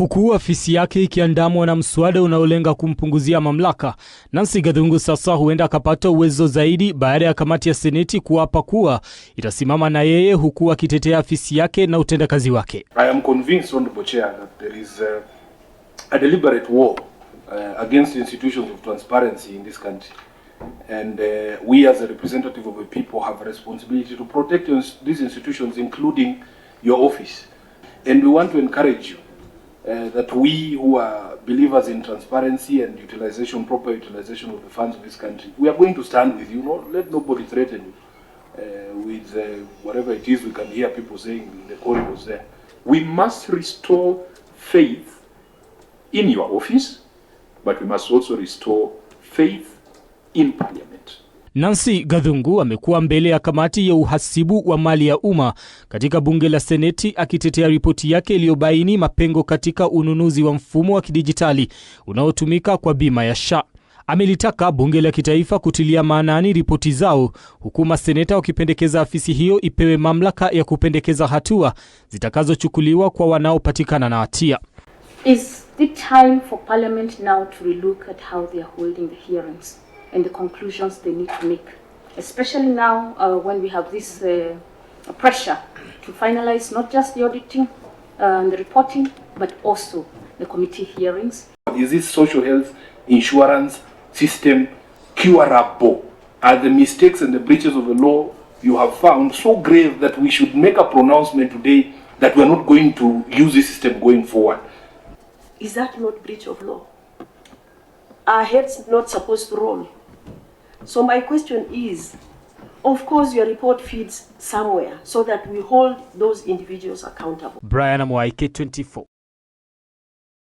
huku afisi yake ikiandamwa na mswada unaolenga kumpunguzia mamlaka. Nancy Gathungu sasa huenda akapata uwezo zaidi baada ya kamati ya seneti kuapa kuwa itasimama na yeye, huku akitetea afisi yake na utendakazi wake. I am convinced Honorable Chair that there is a, a deliberate war uh, against institutions of transparency in this country and uh, we as a representative of the people have a responsibility to protect these institutions including your office and we want to encourage you Uh, that we who are believers in transparency and utilization, proper utilization of the funds of this country, we are going to stand with you. Not let nobody threaten you uh, with uh, whatever it is we can hear people saying in the corridors there. We must restore faith in your office, but we must also restore faith in parliament. Nancy Gathungu amekuwa mbele ya kamati ya uhasibu wa mali ya umma katika bunge la Seneti akitetea ripoti yake iliyobaini mapengo katika ununuzi wa mfumo wa kidijitali unaotumika kwa bima ya SHA. Amelitaka bunge la kitaifa kutilia maanani ripoti zao, huku maseneta wakipendekeza afisi hiyo ipewe mamlaka ya kupendekeza hatua zitakazochukuliwa kwa wanaopatikana na hatia. time for parliament now to relook at how they are holding the hearings? and the conclusions they need to make, especially now uh, when we have this uh, pressure to finalize not just the auditing uh, and the reporting, but also the committee hearings. Is this social health insurance system curable? Are the mistakes and the breaches of the law you have found so grave that we should make a pronouncement today that we're not going to use this system going forward? Is that not breach of law? Our heads not supposed to roll. So my question is, of course your report feeds somewhere so that we hold those individuals accountable. Brian Amwaike, 24